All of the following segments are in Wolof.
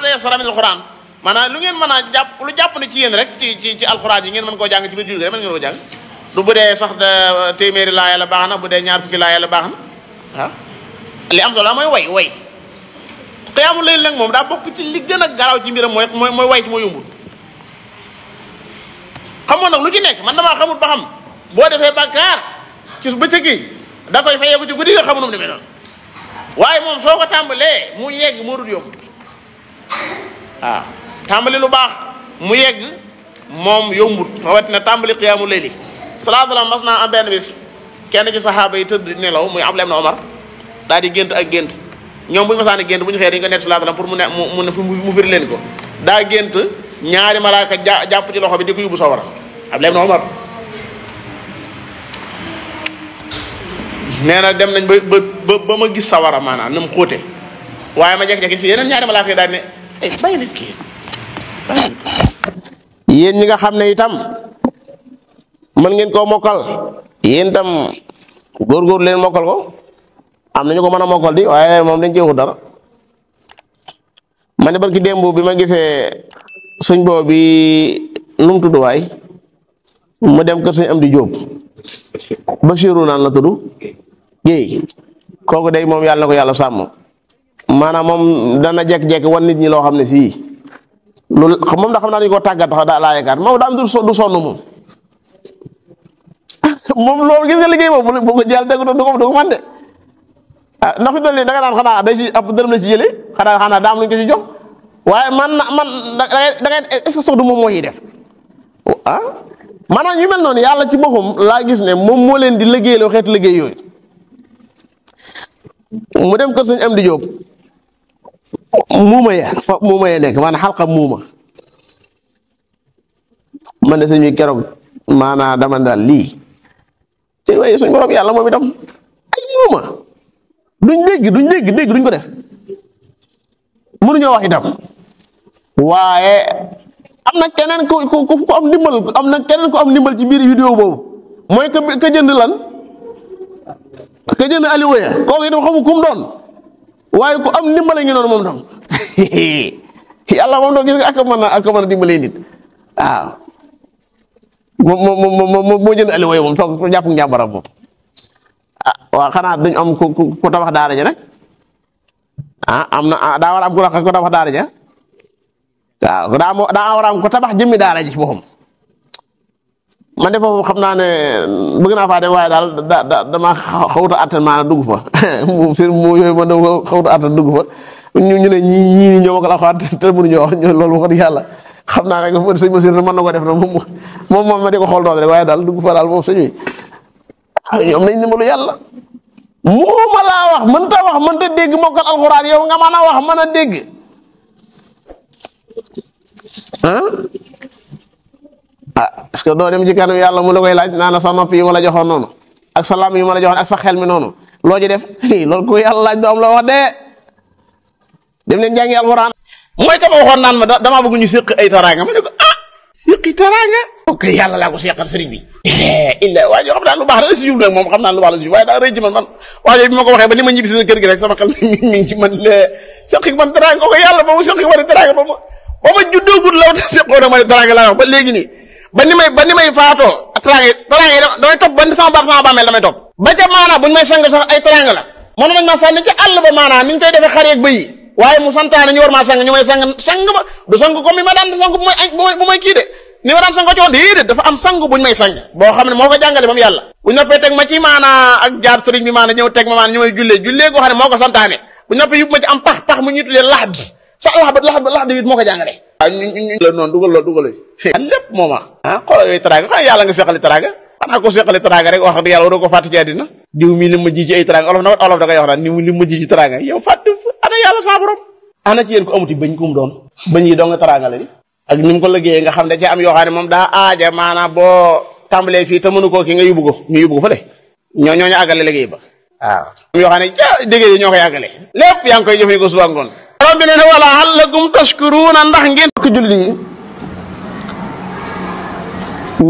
maada yafsara min alquran maanaam lu ngeen mën a jàpp lu jàpp ne ci yéen rek ci ci yi ngeen mën koo jàng ci biir julli rek mën ngeen sax da euh, téeméeri laa yàlla baax na bu dee ñaar fukki laa yàlla baax na ah. li am la mooy way way xiyaamu layl nag moom daa bokk ci li gën a garaaw ci mbiram mooy mooy mooy way ci moo yombul xamoon nag lu ci nekk man damaa xamul ba xam boo defee bàkkaar ci bëccëg yi da koy fayeeku ci guddi nga xamunum demee noonu waaye moom soo ko tàmbalee mu yegg moo dul waaw tàmbali lu baax mu yegg moom yombut rawatina tàmbali xiyaamu layli salaatu la mas naa am benn bis kenn ci saxaaba yi tëdd nelaw muy Abdullah ibn Omar daal di gént ak gént ñoom bu ñu masaane bu ñu xëyee dañu ko nekk salaatu la pour mu ne mu mu mu firi leen ko daa gént ñaari malaaka jàpp ci loxo bi di ko yóbbu sawara Abdullah ibn Omar nee na dem nañ ba ba ba ma gis sawara maanaam na mu xóote waaye ma jekk-jekk si yeneen ñaari malaaka yi daal ne Eh, yéen ñi nga xamne itam man ngeen mokal mokkal tam gor gor leen mokal ko am nañu ko mëna mokal di waye mom dañ wax dara man barki dembu bi ma gisee suñ bo bi nung tuddu way mu dem ko suñ am di jóob Basiru la tuddu géey koku day mom yalla nako yalla sammu manam mom dana jek jek won nit ñi lo xamne si lu loolu da xamna naa ko tàggat wax daa laa yaakaar moom daa am du du sonu mom mom lool gis nga liggey mom bu ko jël dëgg do ko do ko man de na ah, ndax fi doon da nga nan xana day ci ap dërëm la ci jëlee xana xana da am lu ko ci jox waye man man da ngay est ce que du def ah manam ñu mel non yalla ci boppam la gis ne mom mo leen di lo xet liggey yoy mu dem kër sëñ Amdi Jóob muuma ya fa muuma ya nekk maanaam xalqa muuma man de sëñ keroog maanaam dama daal lii te waaye suñ borom yàlla moom itam ay muuma duñ dégg duñ dégg dégg duñ ko def mënuñoo wax itam waaye am na keneen ku ku am ndimbal am na keneen ko am ndimbal ci biir vidéo boobu mooy ka jënd lan. ka jënd Aliou ya kooku itam xamu kum doon waaye ku am ndimbale ngi noonu moom tam yàlla moom tam gis nga ak mën nit waaw moo moo moo moo jënd Aliou ya moom toog jàpp njàmbaram moom ah am ku ku tabax ah, am na ah, daa war a am ku tabax daara ja waaw daa daa war am ku tabax jëmmi daara ji moom. man de xam naa ne bëgg naa faa dem waaye daal da da damaa xawut a attan maanaam dugg fa moom yooyu man dama xawut a attan dugg ñu ñu ne ñii ñii ñoo ma ko yàlla xam naa rek sëñ Basiir na ko def moom moom ma di ko xool doon daal dugg fa daal moom sëñ bi ñoom nañ ndimbalu laa wax mënta wax mënta dégg mokkal alxuraan yow nga mën a wax mën a dégg ah ah est ce que doo dem ci kanam yàlla mu la koy laaj naa la sa nopp yi ma la joxoon noonu ak sa lam yi ma la joxoon ak sa xel mi noonu loo ci def loolu ko yàlla laaj doom la wax de dem leen jàngi alquran mooy ka ma waxoon naan ma dama bëgg ñu séq ay taraanga ma ne ko ah séqi taraanga ok yàlla laa ko séqal sëriñ bi illa waa xam naa lu baax la si jub nag xam naa lu baax la si jub waaye daa rëy man man waa joo bi ma ko waxee ba li ma ñibbi si kër gi rek sama xel mi ngi ci man lee séqi man taraanga ko yàlla ba mu séqi ma ne taraanga ba ma ba ma juddoo gud law ta séqoo nag ma ne wax ba léegi nii ba may ba ni may faatoo teraanga teraanga yi damay topp ba ni sama baax sama bàmmeel damay topp ba ca maanaam bu ñu may sang sax ay teraanga la mënu mañ ma sànni ci àll ba mu sang ma du sang comme mi ma daan sang bu may kii de ni ma daan sangoo ci woon déedéet dafa am sang buñ may sang boo xam ne moo ko jàngale ba mu yàlla bu noppee teg ma ci maanaa ak jaar sëriñ bi maanaa ñëw teg ma maanaa ñu may jullee jullee goo xam ne moo ko santaane bu noppee yóbbu ma ci am pax pax mu ñuy tuddee lax bi sa lax ba lax ba la noonu dugal loo dugal lépp mooma ah xoolal yooyu teraanga xanaa yàlla nga seqali teraanga xanaa ko seqali teraanga rek wax dëgg yàlla waroo ko fàtte ci àddina diw mi li ma ji ci ay teraanga olof na olof da ngay wax naan ni li ma ji ci teraanga yow fàtte ana yàlla sa borom ana ci yéen ko amuti bañ ku mu doon bañ yi doo nga teraanga la di ak ni mu ko liggéeyee am yoo xam ne moom daa aaja maanaam boo tàmbalee ba waaw yoo xam ne ca liggéey ñoo lépp yaa koy jëfee ko suba ngoon borom bi ne ne wala allakum tashkuruuna ndax ngeen ko julli yi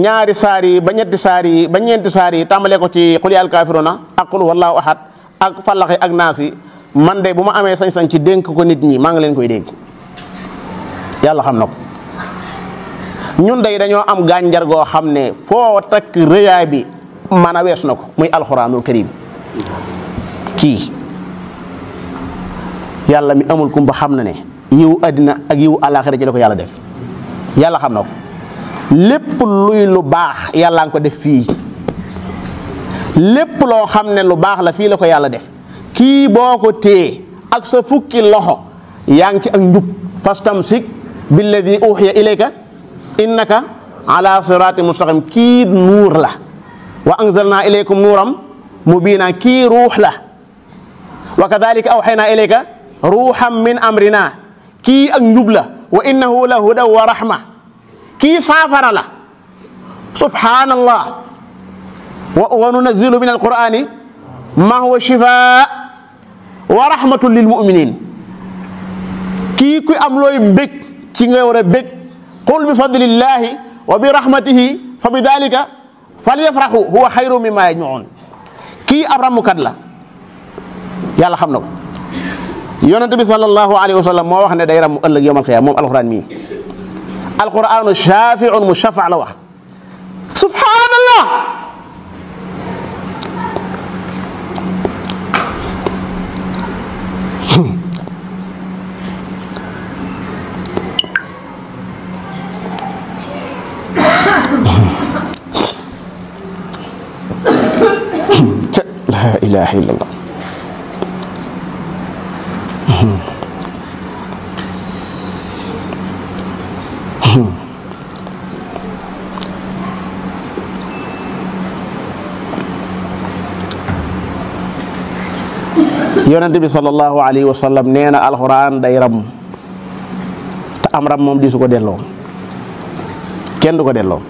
ñaari saar yi ba saar yi ba ñeenti saari yi tàmbalee ko ci qul yaa al kaafiruuna ak qul wallaahu ahad ak fallaxi ak naas man de bu ma amee sañ-sañ ci dénk ko nit ñi maa ngi leen koy dénk yàlla xam na ko ñun day dañoo am gànjar goo xam ne foo takk rëyaay bi man a wees na ko muy alxuraanul karim kii yàlla mi amul kumba xam na ne yiw àddina ak yiw àllaaxira la ko yàlla def yàlla xam na ko lépp luy lu baax yàlla nga ko def fii lépp loo xam ne lu baax la fii la ko yàlla def kii boo ko téye ak sa fukki loxo yaa ngi ci ak njub fastamsik billadi uxiya ilayka innaka ala sirati mustaqim kii nuur la wa anzalna ilaykum nuuram mubina kii ruux la wa kadalika awxayna ilayka روحا من امرنا كي انجبلا وانه لهدى ورحمه كي سافر له سبحان الله وننزل من القران ما هو شفاء ورحمه للمؤمنين كي كي املوي بك كي نغور بك قل بفضل الله وبرحمته فبذلك فليفرحوا هو خير مما يجمعون كي ابرم كدلا يلا خمنا يونتبي صلى الله عليه وسلم ما وخني دايرا مو يوم القيامه مو القران مي القران شافع مشفع لوح سبحان الله لا اله الا الله yonent bi sallallahu alaihi wasallam neena alquran day ram ta am ram mom di suko ko delloo kenn du ko delloo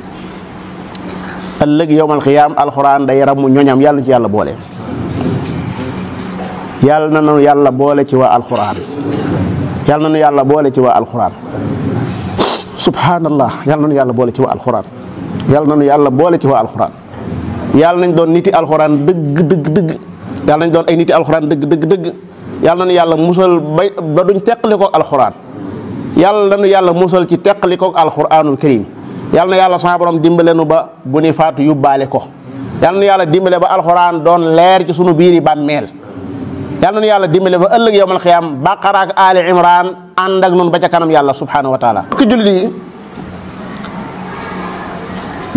ëllëg yowmal qiyam alquran day ram ñoñam yalla ci yalla boole yalla na nu boole ci wa alquran yalla na nu boole ci wa alquran subhanallah yalla na Yalla yàlla boole ci wa alquran yalla na nu yàlla boole ci wa alquran yalla nañ doon niti alquran deug deug deug yàlla nañ doon ay niti alxuraan dëgg dëgg dëgg yàlla nañu yàlla musal ba ba duñ teqali koog alxuraan yàlla nañu yàlla musal ci teqali koog alxuraanul karim yàlla na yàlla sama borom dimbale nu ba bu ni faatu yóbbaale ko yàlla na yàlla dimbale ba alxuraan doon leer ci sunu biir yi bàmmeel yàlla na yàlla dimbale ba ëllëg yowmal xiyaam baqara ak aali imran ànd ak nun ba ca kanam yàlla subhanahu wa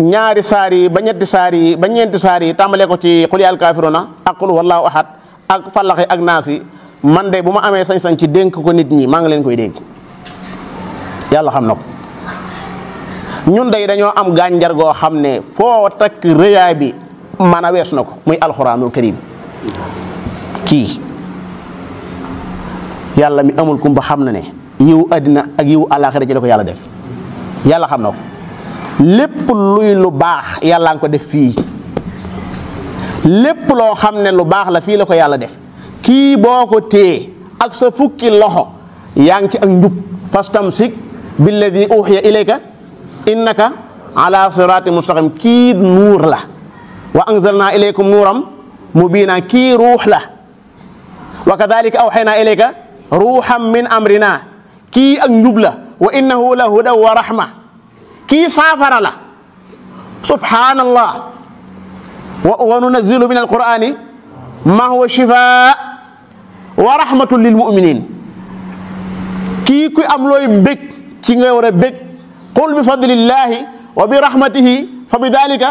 ñaari saar ba ñetti saar yi ba ñeenti saar yi tàmbalee ko ci xul yàlla kaafiruna ak qul wallaahu waxaat ak fallaxi ak naas yi man de bu ma amee sañ-sañ ci dénk ko nit ñi maa ngi leen koy dénk yàlla xam na ñun day dañoo am gànjar goo xam ne foo takk rëyaay bi man a na ko muy alxuraanul karim kii yàlla mi amul kumba xam na ne yiw àddina ak yiw àllaaxira ci la ko yàlla def yàlla xam na ko lépp luy lu bax yàlla ngi ko def fi lépp lo xamne lu bax la fi la ko yàlla def ki boko te ak sa fukki loxo yanki ak ndub fastam sik fastamsik billadi ilayka innaka ala sirati mustaqim ki nur la wa anzalna ilaykum nuram mubina ki ruh la wa kadhalika awxayna ilayka ruham min amrina ki ak ndub la وإنه innahu la huda كي سافر له سبحان الله وننزل من القرآن ما هو شفاء ورحمة للمؤمنين كي كي أملوي بك كي نغير بك قل بفضل الله وبرحمته فبذلك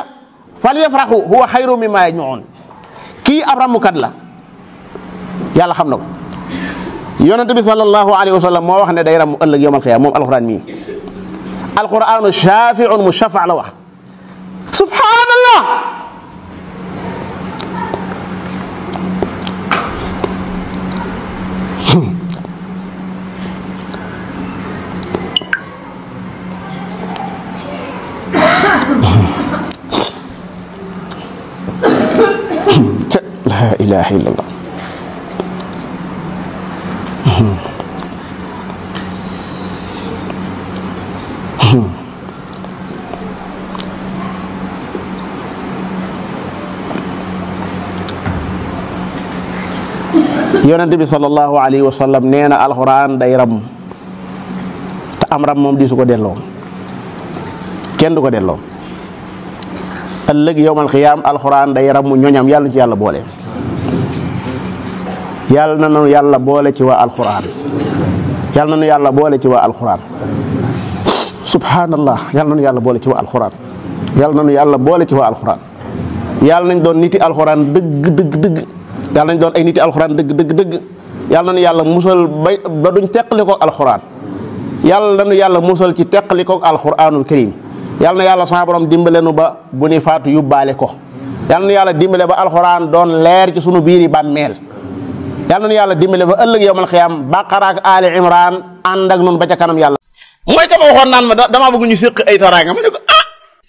فليفرحوا هو خير مما يجمعون كي أبرم كدلا يا الله حمدك يونت بي صلى الله عليه وسلم ما وخنا دايرم الله يوم القيامه القران مي القرآن شافع مشفع له سبحان الله لا إله إلا الله yonent bi sallallahu alayhi wa sallam nee na alxuraan day ram te am ram moom di su ko delloo kenn du ko delloo ëllëg yowmal xiyaam alxuraan day ramu ñoñam yàlla ci yàlla boole yàlla na nu yàlla boole ci waa alxuraan yàlla na nu yàlla boole ci waa alxuraan subhanallah yàlla na nu yàlla boole ci waa alxuraan yàlla na nu yàlla boole ci waa alxuraan yàlla nañ doon niti alxuraan dëgg dëgg dëgg. yàlla nañ doon ay niti alxuraan dëgg dëgg dëgg yàlla na nu yàlla musal bay ba duñ teqali koog alxuraan yàlla na yàlla musal ci teqali koog alxuraanul karim yàlla na yàlla sama dimbale nu ba bu ni faatu yóbbaale ko yàlla yàlla dimbale ba alxuraan doon leer ci sunu biir yi bàmmeel yàlla na yàlla dimbale ba ëllëg yowmal xiyaam baqara ak aali imraan ànd ak noonu ba ca kanam yàlla. mooy dama waxoon naan ma damaa bëgg ñu séq ay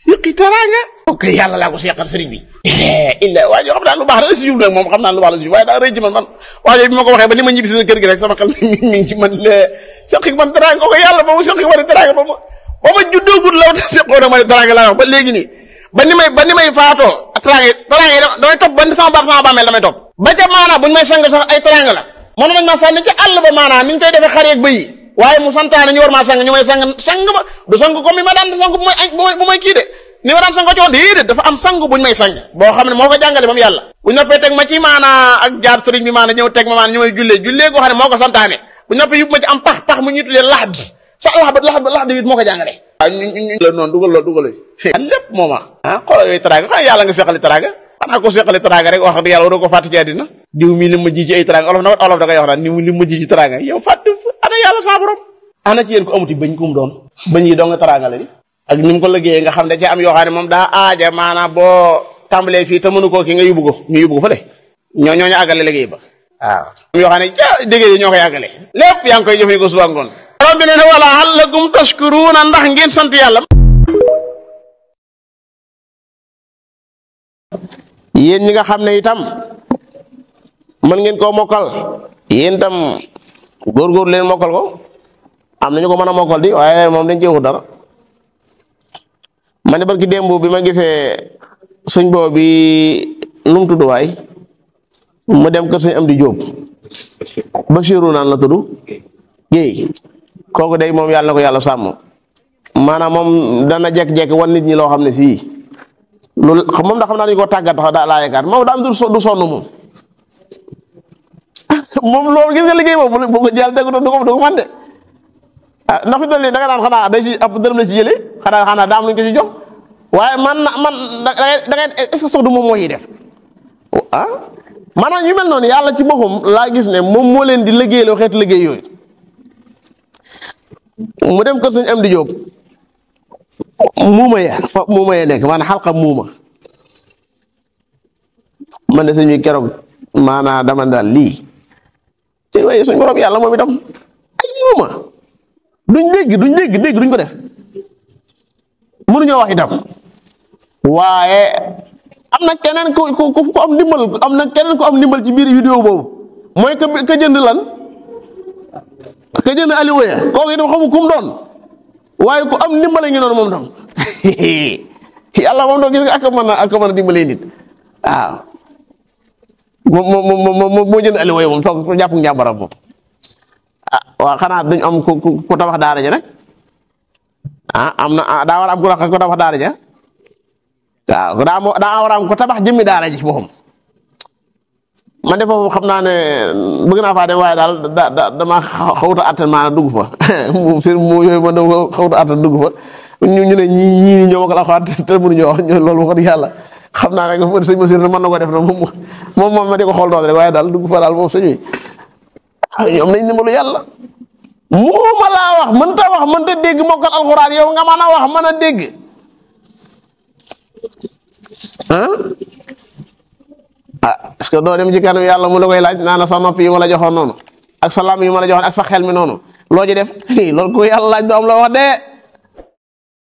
séqi teraanga ok yàlla laa ko seqal sëriñ bi illa waa joo xam naa lu baax la si jub nag moom xam naa lu baax la si jub waaye daa ko waxee ba ni ma ñibbi si kër gi rek sama xel mi ngi ci man lee seqi man teraanga ba ma juddoogul laa wax ba léegi nii ba ni may ba ni may faatoo teraanga teraanga yi ba sama baax sama bàmmeel damay topp ba ca la mën nañ ma sànni ci àll ba maanaa ni ñu koy defee xareeg bëy waaye mu santaane ñu war maa sang ñu may sang sang ma du sang comme mi ma daan sang bu may bu may kii de ni ma daan sangoo coon déedéet dafa am sang buñ may sang boo xam ne moo ko jàngale ba mu yàlla buñ noppee teg ma ci maanaa ak jaar sëriñ bi maana ñëw teg ma maana ñu may jullee jullee goo xam ne moo ko santaane buñ noppee yóbbu ma ci am pax pax mu ñuy tuddee laxd sa laxd laxd laxd it moo ko jàngale waaw ah, ñu ñu la noonu dugal loolu dugal ah, lépp mooma ah xoolal yooyu taraaga xanaa yàlla nga seqali taraaga xana ya ko sekkale teraanga rek wax yàlla do ko fàtte ci adina diw mi limu jiji ay teraanga olof na olof da ngay wax naan ni limu jiji ji yow fàtte ana yàlla ya, sa borom ana ci yeen ko amuti bañ kum doon bañ yi do nga teraanga la di ak nim ko liggey nga xamne ci ya, am yo xam mom da aaja mana bo tambale fi te mënu ko ki nga yóbbu ko ñu yóbbu ko fële ñoo ñoo agal àggale liggéey ba ah. waaw yo yoo ja dege ñoo koy àggale lepp yang koy jëfé ko suba ngon borom bi nee na wala allakum tashkuruna ndax ngeen sant Thank you yen ñi nga xamne itam man ngeen mokal mokkal tam gor gor leen mokal ko am nañu ko mëna mokal di waye mom dañ ci waxu dara man barki dembu bi gisé gisee suñ boo bi num tuddu way mu dem ko suñ am di job Basiru naan la tuddu géey koku day mom yalla nako yalla sam manam mom dana jek jek won nit ñi lo xamne si kamu moom da xam naa dañu ko tàggat xaw daa laa yaakaar moom daa am du sonn moom moom loolu gis nga liggéey boobu bu ko jël dégg du ko du ko man de ah fi mu da nga naan xanaa day ci ab dërëm la ci jëlee xanaa xanaa daa am luñ ko ci jox waaye man man da ngay est ce que sax du def ah maanaam ñu mel noonu yàlla ci boppam laa gis ne moom moo leen di liggéeyloo xeet liggéey yooyu mu dem kër sëñ am di muuma ya fa muuma ya nekk maanaam xalqa muuma man de suñuy keroog maanaa dama daal lii te waaye suñ borom yàlla moom itam ay muuma duñ dégg duñ dégg duñ ko def mënuñoo wax itam waaye am na keneen ko ko ku am ndimbal am na keneen ko am ndimbal ci biir vidéo boobu mooy ka jënd lan ka jënd Aliou Weye kooku itam xamu kum doon. waaye ku am ndimbale ngi noonu moom tam yàlla moom tam gis nga ak nit waaw moom moom moom moo jënd Aliou moom toog toog jàpp njàmbaram moom ah waaw xanaa duñ am ku ku tabax daara ja nag ah am na ah daa war a am ku tabax daara ja tabax jëmmi daara ji moom. man de foofu xam naa ne bëgg naa fa dem waaye daal da da damaa xawut a attan maanaam dugg fa seen mots yooyu man dama xawut a attan dugg fa ñu ñu ne ñii ñii ñoo ma ko la xaat te mënuñoo wax ñoom loolu wax dëgg yàlla na ko def nag moom moom ma di ko xool doon rek waaye daal dugg fa daal moom sëñ bi ah, ñoom nañ ndimbalu yàlla. muuma laa wax mënta wax mënta dégg mokkal alxuraan yow nga mën a wax mën a dégg ah est doo dem ci kanam yàlla mu la koy laaj naa na sa joxoon noonu ak sa lam yi joxoon ak sa xel mi noonu loo ci def loolu ko yàlla laaj do am la wax